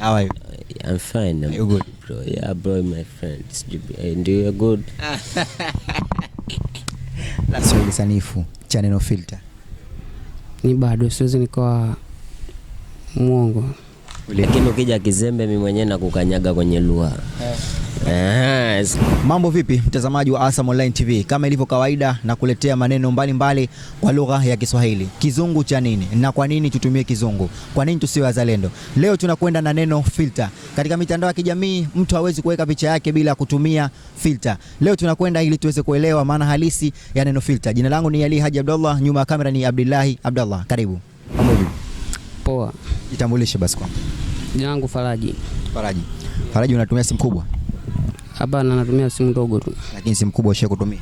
How are you? I'm fine. I'm you good. Bro. Yeah, bro, my friend. And you are eh, good. Swahili sanifu cha neno filter. Ni bado siwezi nikawa mwongo, lakini ukija kizembe, mimi mwenyewe nakukanyaga kwenye lugha. Eh. Yes. Mambo vipi mtazamaji wa Asam Online TV, kama ilivyo kawaida na kuletea maneno mbalimbali mbali kwa lugha ya Kiswahili. Kizungu cha nini na kwa nini tutumie kizungu, kwa nini tusiwe wazalendo? Leo tunakwenda na neno filter. Katika mitandao ya kijamii mtu hawezi kuweka picha yake bila kutumia filter. Leo tunakwenda ili tuweze kuelewa maana halisi ya neno filter. Jina langu ni Ali Haji Abdullah, nyuma ya kamera ni Abdullahi Abdullah. Karibu. Mambo vipi? Poa. Jitambulishe basi kwa. Jina langu Faraji. Faraji. Faraji, unatumia simu kubwa? Hapana, natumia simu ndogo tu. Lakini simu kubwa ushawahi kutumia?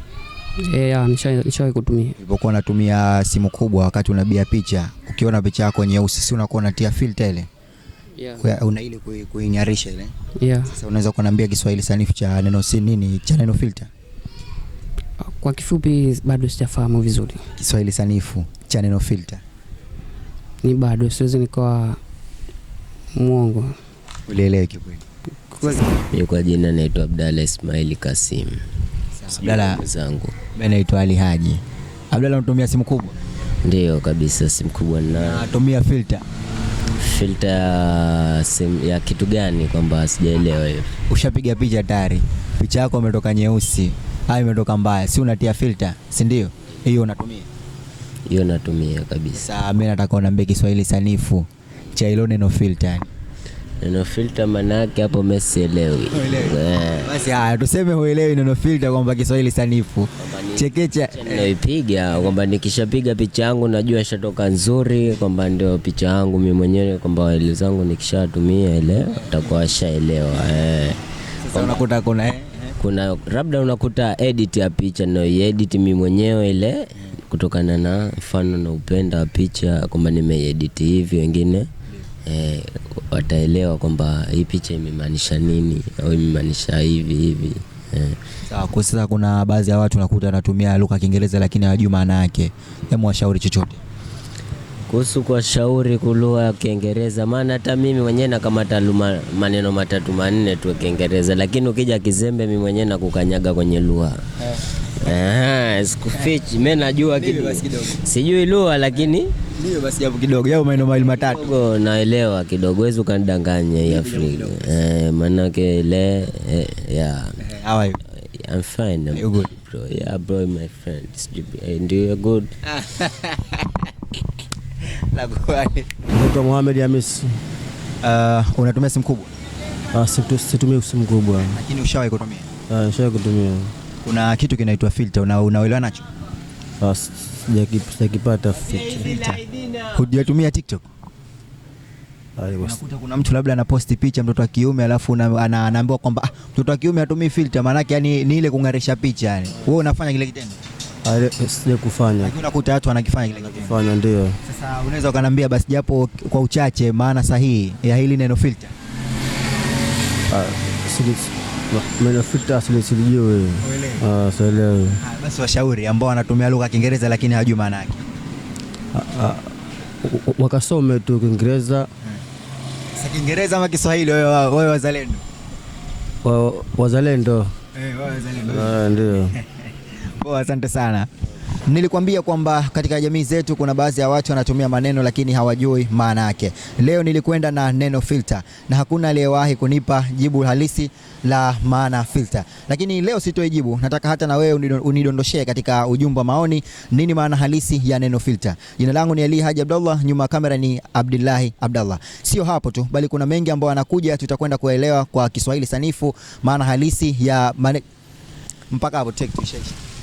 Eh, ya nisha kutumia. Ulipokuwa unatumia simu kubwa, wakati unabia picha, ukiona picha yako nyeusi, si unakuwa unatia filter ile? Yeah. Una ile kuinyarisha ile. Yeah. Sasa unaweza kuniambia Kiswahili sanifu cha neno si nini cha neno filter? Kwa kifupi bado sijafahamu vizuri. Kiswahili sanifu cha neno filter. Ni bado siwezi nikawa mwongo. Ulielewe kweli? Mimi kwa jina naitwa Abdalla Ismail Kasim. Abdalla zangu. Mimi naitwa Ali Haji. Abdalla, unatumia simu kubwa? Ndiyo kabisa, simu kubwa na natumia filter. Filter simu ya kitu gani? Kwamba sijaelewa hiyo. Ushapiga picha tayari, picha yako imetoka nyeusi au imetoka mbaya, si unatia filter, si ndio? Hiyo unatumia hiyo? Natumia kabisa. Sasa mimi nataka uniambie Kiswahili sanifu cha hilo neno filter. Neno filter manake hapo meselewi eh. Basi haya tuseme huelewi neno filter kwamba Kiswahili sanifu. Chekecha naipiga kwamba nikishapiga picha yangu najua ishatoka nzuri kwamba ndio picha yangu mi mwenyewe kwamba waili zangu nikishatumia ile utakuwa washaelewa. Eh. unakuta kuna eh, eh. kuna labda unakuta edit ya picha ninayoedit mi mwenyewe ile kutokana na mfano na upenda wa picha kwamba nimeiedit hivi wengine eh, wataelewa kwamba hii picha imemaanisha nini au imemaanisha hivi hivi. Eh. Kwa Sasa kuna baadhi ya watu nakuta wanatumia lugha ya Kiingereza lakini hawajui maana yake, hebu washauri chochote kuhusu kuwashauri lugha ya Kiingereza, maana hata mimi mwenyewe nakamata maneno matatu manne tu Kiingereza, lakini ukija kizembe, mimi mwenyewe nakukanyaga kwenye lugha eh. sikufichi. Mimi najua sijui lugha lakini ndio basi japo kidogo, japo maneno mawili matatu. Kwa naelewa kidogo, wezi ukanidanganya hii Afrika. Eh, manake le yeah. How are you? I'm fine. I'm good. Bro, yeah bro, my friend. And eh, you are good. Naitwa Mohamed Hamis. Uh, unatumia simu kubwa? Ah, situmii simu kubwa. Lakini ushawahi kutumia? Ah, ushawahi kutumia. Kuna kitu kinaitwa filter, unaelewa nacho? Ah, sijakipata Hujatumia TikTok? Nakuta kuna mtu labda anaposti picha mtoto wa kiume alafu anaambiwa kwamba ah, mtoto wa kiume atumii filter, maanake yani ni ile kungarisha picha yani. Wewe unafanya kile kitendo? Sija kufanya. Lakini unakuta watu wanakifanya kile kitendo. Fanya ndio. Sasa unaweza ukaniambia basi japo kwa uchache maana sahihi ya hili neno filter? Ah, Umenifita asili sijui wewe. Ah, sielewi. Ah, basi washauri ambao wanatumia lugha ya Kiingereza lakini hawajui maana yake. Ah, ah, wakasome tu Kiingereza. Sasa hmm. Kiingereza ama Kiswahili wewe wewe wazalendo. Wazalendo. Eh, wazalendo. Ndio. Poa, asante sana. Nilikwambia kwamba katika jamii zetu kuna baadhi ya watu wanatumia maneno lakini hawajui maana yake. Leo nilikwenda na neno filter na hakuna aliyewahi kunipa jibu halisi la maana filter, lakini leo sitoi jibu. Nataka hata na wewe unidondoshee katika ujumbe maoni, nini maana halisi ya neno filter. Jina langu ni Ali Haji Abdallah, nyuma ya kamera ni Abdullahi Abdallah. Sio hapo tu, bali kuna mengi ambayo anakuja, tutakwenda kuelewa kwa Kiswahili sanifu maana halisi ya mane... mpaka hapo take